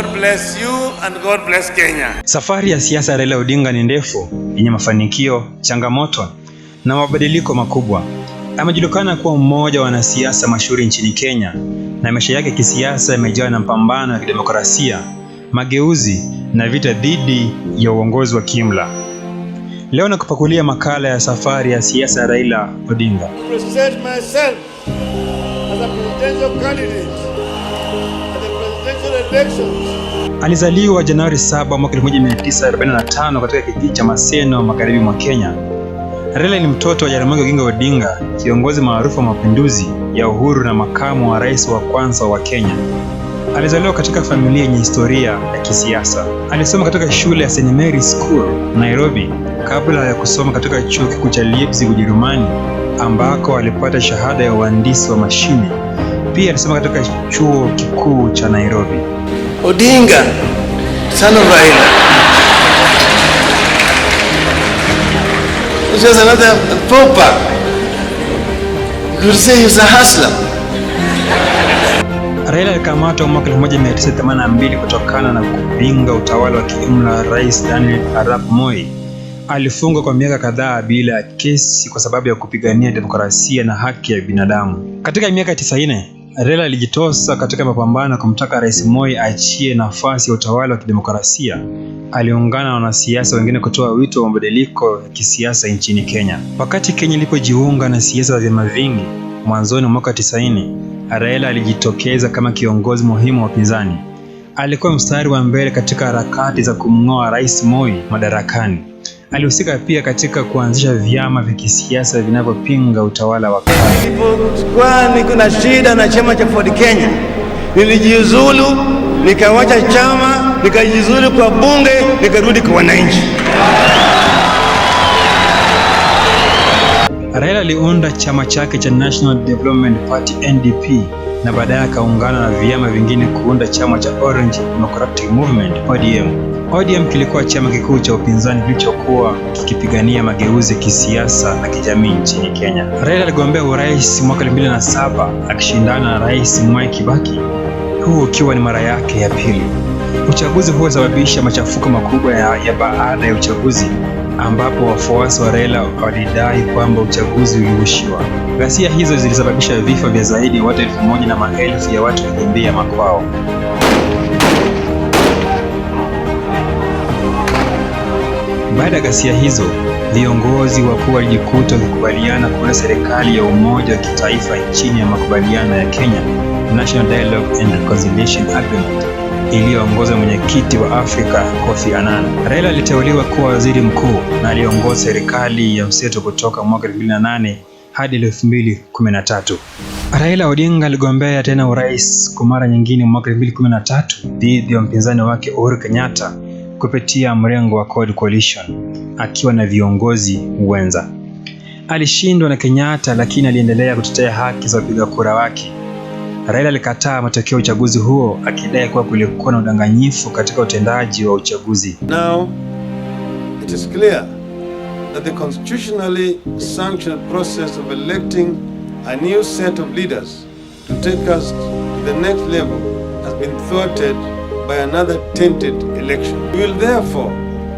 God bless you and God bless Kenya. Safari ya siasa ya Raila Odinga ni ndefu, yenye mafanikio, changamoto na mabadiliko makubwa. Amejulikana kuwa mmoja wa wanasiasa mashuhuri nchini Kenya na maisha yake kisiasa yamejawa na mapambano ya kidemokrasia, mageuzi na vita dhidi ya uongozi wa kiimla. Leo nakupakulia makala ya safari ya siasa ya Raila Odinga. Alizaliwa Januari 7 mwaka 1945 katika kijiji cha Maseno, magharibi mwa Kenya. Raila ni mtoto wa Jaramogi Oginga Odinga, kiongozi maarufu wa mapinduzi ya uhuru na makamu wa rais wa kwanza wa Kenya. Alizaliwa katika familia yenye historia ya kisiasa. Alisoma katika shule ya St. Mary School, Nairobi, kabla ya kusoma katika chuo kikuu cha Leipzig, Ujerumani, ambako alipata shahada ya uhandisi wa mashine. Pia alisoma katika chuo kikuu cha Nairobi. Odinga, sana Raila. It's another pauper. You say he's a hustler. Raila alikamatwa mwaka 1982 kutokana na kupinga utawala wa kiimla Rais Daniel Arap Moi. Alifungwa kwa miaka kadhaa bila kesi kwa sababu ya kupigania demokrasia na haki ya binadamu. Katika miaka Raila alijitosa katika mapambano ya kumtaka Rais Moi aachie nafasi ya utawala wa kidemokrasia. Aliungana na wanasiasa wengine kutoa wito wa mabadiliko ya kisiasa nchini Kenya. Wakati Kenya ilipojiunga na siasa za vyama vingi mwanzoni mwa mwaka 90, Raila alijitokeza kama kiongozi muhimu wa upinzani. Alikuwa mstari wa mbele katika harakati za kumng'oa Rais Moi madarakani. Alihusika pia katika kuanzisha vyama vya kisiasa vinavyopinga utawala wa Kwani kuna shida na chama cha Ford Kenya, nilijiuzulu nikawacha chama nikajiuzulu kwa bunge nikarudi kwa wananchi. Raila aliunda chama chake cha National Development Party NDP na baadaye akaungana na vyama vingine kuunda chama cha Orange Democratic Movement ODM. ODM kilikuwa chama kikuu cha upinzani kilichokuwa kikipigania mageuzi ya kisiasa na kijamii nchini Kenya. Raila aligombea urais mwaka 2007 akishindana na Rais Mwai Kibaki, huu ukiwa ni mara yake ya pili. Uchaguzi huo sababisha machafuko makubwa ya, ya baada ya uchaguzi ambapo wafuasi wa Raila walidai kwamba uchaguzi uliushiwa. Ghasia hizo zilisababisha vifo vya zaidi ya watu elfu moja na maelfu ya watu kukimbia makwao. Baada ya ghasia hizo, viongozi wakuu walijikuta wakikubaliana kuunda serikali ya umoja wa kitaifa chini ya makubaliano ya Kenya National Dialogue and Reconciliation Agreement iliyoongozwa mwenyekiti wa Afrika Kofi Annan. Raila aliteuliwa kuwa waziri mkuu na aliongoza serikali ya mseto kutoka mwaka 2008 hadi 2013. Raila Odinga aligombea tena urais kwa mara nyingine mwaka 2013 dhidi ya mpinzani wake Uhuru Kenyatta kupitia mrengo wa Code Coalition akiwa na viongozi wenza. Alishindwa na Kenyatta, lakini aliendelea kutetea haki za wapiga kura wake. Raila alikataa matokeo ya uchaguzi huo akidai kuwa kulikuwa na udanganyifu katika utendaji wa uchaguzi. Now it is clear that the constitutionally sanctioned process of electing a new set of leaders to take us to the next level has been thwarted by another tainted election. We will therefore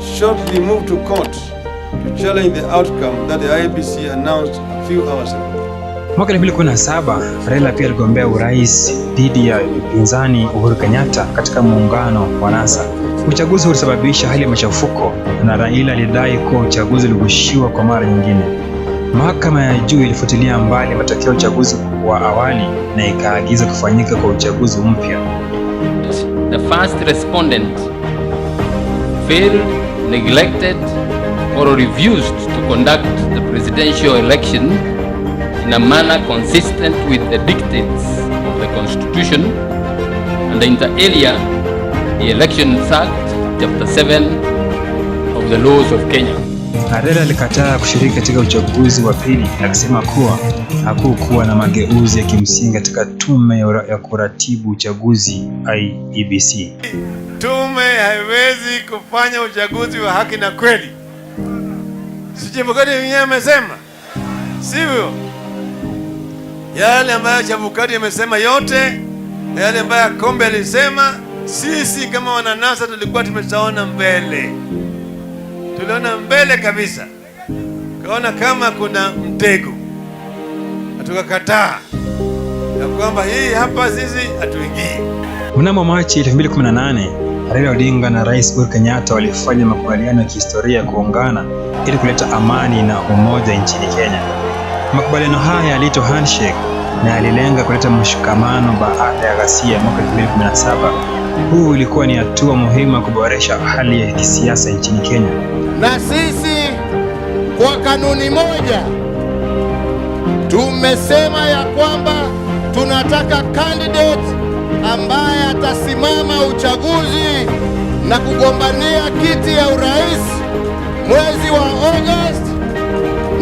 shortly move to court to challenge the outcome that the IBC announced a few hours ago. Mwaka 2017 Raila pia aligombea urais dhidi ya upinzani Uhuru Kenyatta katika muungano wa NASA. Uchaguzi ulisababisha hali ya machafuko na Raila alidai kuwa uchaguzi uligushiwa kwa mara nyingine. Mahakama ya juu ilifutilia mbali matokeo ya uchaguzi wa awali na ikaagiza kufanyika kwa uchaguzi mpya. The first respondent failed, neglected, or refused to conduct the presidential election in a manner consistent with the dictates of the Constitution and inter alia the Elections Act, Chapter 7 of the laws of Kenya. Karela alikataa kushiriki katika uchaguzi wa pili akisema kuwa hakukuwa na mageuzi ya kimsingi katika tume ya kuratibu uchaguzi IEBC. Tume haiwezi kufanya uchaguzi wa haki na kweli, Chebukati mwenyewe amesema, sivyo? Yale ambayo Chebukati amesema yote na yale ambayo Kombe alisema, sisi kama wananasa tulikuwa tumeshaona mbele tuliona mbele kabisa, tukaona kama kuna mtego, tukakataa na kwamba hii hapa sisi hatuingii. Mnamo Machi 2018 Raila Odinga na Rais Uhuru Kenyatta walifanya makubaliano ya kihistoria kuungana ili kuleta amani na umoja nchini Kenya. Makubaliano haya yaliitwa handshake na yalilenga kuleta mshikamano baada ya ghasia mwaka 2017. Huu ilikuwa ni hatua muhimu ya kuboresha hali ya kisiasa nchini Kenya, na sisi kwa kanuni moja tumesema ya kwamba tunataka candidate ambaye atasimama uchaguzi na kugombania kiti ya urais mwezi wa August,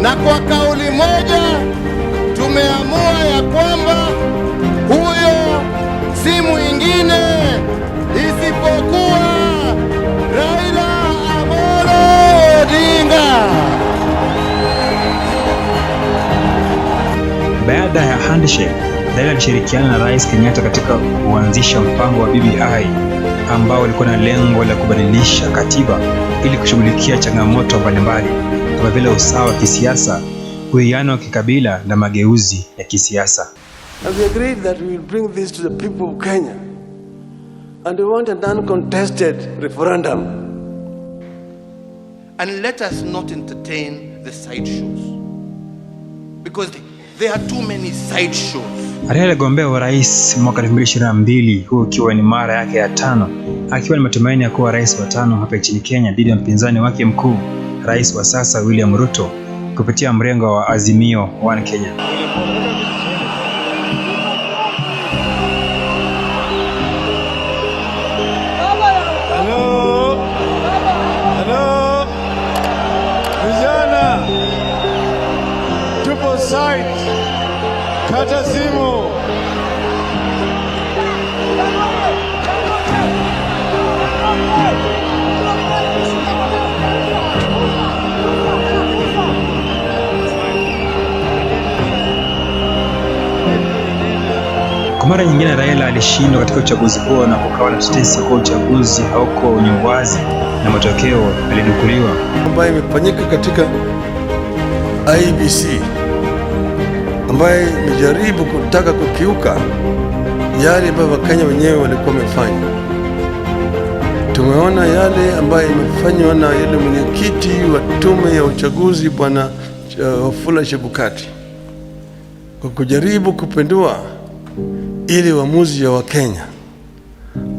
na kwa kauli moja tumeamua ya kwamba huyo si mwingine isipokuwa Raila Amolo Odinga. Baada ya handshake, Raila alishirikiana na Rais Kenyatta katika kuanzisha mpango wa BBI ambao ulikuwa na lengo la kubadilisha katiba ili kushughulikia changamoto mbalimbali kama vile usawa wa kisiasa, uwiano wa kikabila na mageuzi ya kisiasa. And we want an uncontested referendum. And let us not entertain the sideshows because there are too many sideshows. Aliyegombea urais mwaka 2022 huu ukiwa ni mara yake ya tano, akiwa ni matumaini ya kuwa rais wa tano hapa nchini Kenya dhidi ya mpinzani wake mkuu, rais wa sasa William Ruto kupitia mrengo wa Azimio One Kenya. simu. Kwa mara nyingine Raila alishindwa katika uchaguzi huo na kukawa na tetesi kuwa uchaguzi hauko wenye uwazi na matokeo yalidukuliwa ambayo imefanyika katika ibc ambaye imejaribu kutaka kukiuka yale ambayo Wakenya wenyewe walikuwa wamefanya. Tumeona yale ambayo imefanywa na yule mwenyekiti wa tume ya uchaguzi Bwana uh, Wafula Chebukati kwa kujaribu kupindua ili uamuzi ya Wakenya.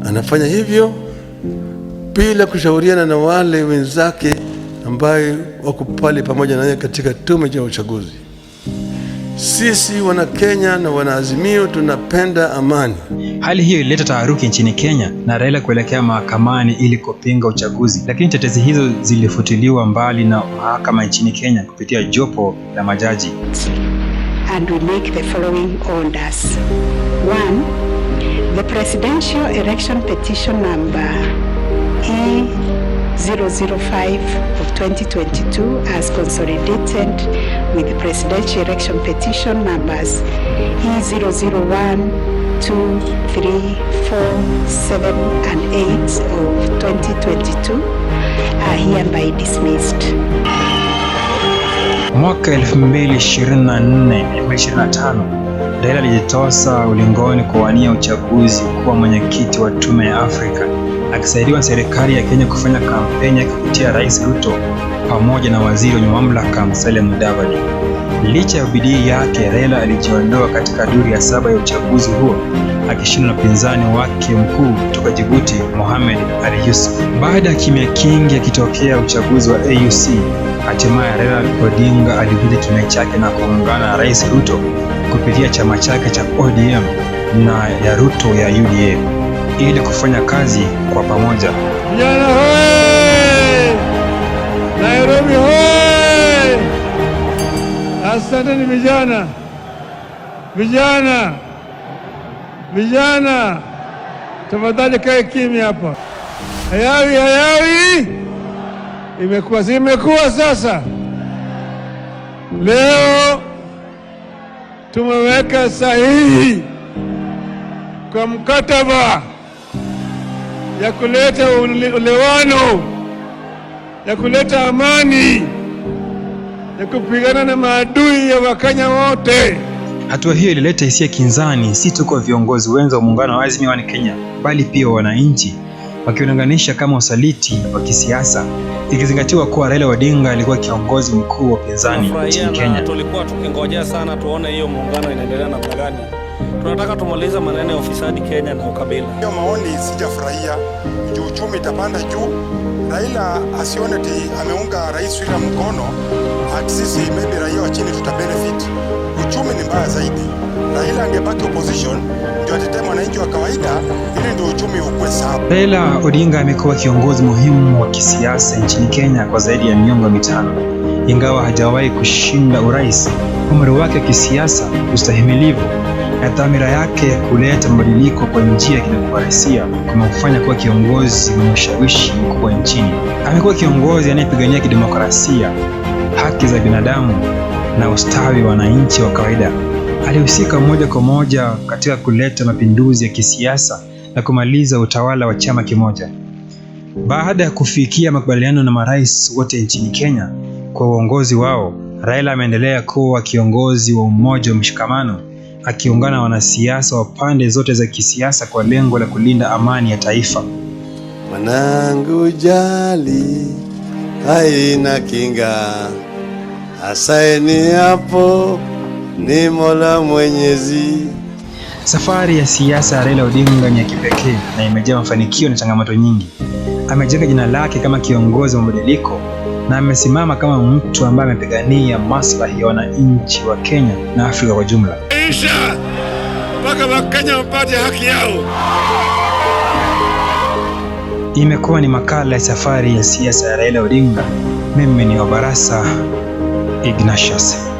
Anafanya hivyo bila kushauriana na wale wenzake ambaye wako pale pamoja naye katika tume ya uchaguzi. Sisi Wanakenya na Wanaazimio tunapenda amani. Hali hiyo ilileta taharuki nchini Kenya na Raila kuelekea mahakamani ili kupinga uchaguzi, lakini tetezi hizo zilifutiliwa mbali na mahakama nchini Kenya kupitia jopo la majaji. And we make the following orders. One, the presidential election petition number E 2022 as consolidated with the presidential election petition numbers E001 2, 3, 4, 7, and 8 of 2022 are hereby dismissed. Mwaka 2024 2025, Raila alijitosa ulingoni kuwania uchaguzi kuwa mwenyekiti wa Tume ya Afrika akisaidiwa serikali ya Kenya kufanya kampeni yake kupitia Rais Ruto pamoja na waziri wenye mamlaka Musalia Mudavadi. Licha ya bidii yake, Raila alijiondoa katika duru ya saba ya uchaguzi huo akishindwa na mpinzani wake mkuu kutoka Jibuti, Mohamed Ali Yusuf. Baada ya kimya kingi akitokea uchaguzi wa AUC, hatimaye Raila Odinga alivunja kimya chake na kuungana na Rais Ruto kupitia chama chake cha ODM na ya Ruto ya UDA ili kufanya kazi kwa pamoja. Vijana hoye! Nairobi hoye! Asanteni vijana, vijana, vijana, tafadhali kae kimya hapa. Hayawi, hayawi, imekuwa si imekuwa sasa. Leo tumeweka sahihi kwa mkataba ya kuleta ulewano, ya kuleta amani, ya kupigana na maadui ya Wakenya wote. Hatua hiyo ilileta hisia kinzani, si tu kwa viongozi wenza wa muungano wa Azimio One Kenya, bali pia wananchi, wakiunanganisha kama usaliti wa kisiasa, ikizingatiwa kuwa Raila Odinga alikuwa kiongozi mkuu wa upinzani nchini Kenya. Tulikuwa tukingojea sana tuone hiyo muungano inaendelea namna gani. Tunataka tumaliza maneno ya ufisadi Kenya na ukabila. Hiyo maoni sijafurahia juu uchumi itapanda juu. Raila asione ti ameunga Rais William mkono ati sisi maybe raia wa chini tuta benefit. Uchumi ni mbaya zaidi. Raila angebaki opposition ndio atetee mwananchi wa kawaida ili ndio uchumi ukwe sawa. Raila Odinga amekuwa kiongozi muhimu wa kisiasa nchini Kenya kwa zaidi ya miongo mitano ingawa hajawahi kushinda urais, umri wake wa kisiasa, ustahimilivu na dhamira yake ya kuleta mabadiliko kwa njia ya kidemokrasia kumemfanya kuwa kiongozi mwenye ushawishi mkubwa nchini. Amekuwa kiongozi anayepigania kidemokrasia, haki za binadamu na ustawi wa wananchi wa kawaida. Alihusika moja kwa moja katika kuleta mapinduzi ya kisiasa na kumaliza utawala wa chama kimoja. Baada ya kufikia makubaliano na marais wote nchini Kenya kwa uongozi wao, Raila ameendelea kuwa kiongozi wa umoja wa mshikamano akiungana na wanasiasa wa pande zote za kisiasa kwa lengo la kulinda amani ya taifa. Mwanangu, jali haina kinga, asaini hapo ni Mola Mwenyezi. Safari ya siasa ya Raila Odinga ni ya kipekee na imejaa mafanikio na changamoto nyingi. Amejenga jina lake kama kiongozi wa mabadiliko na amesimama kama mtu ambaye amepigania maslahi ya wananchi wa Kenya na Afrika kwa jumla kuisha mpaka Wakenya wapate haki yao. Imekuwa ni makala ya safari ya siasa ya Raila Odinga. Mimi ni Wabarasa Ignatius.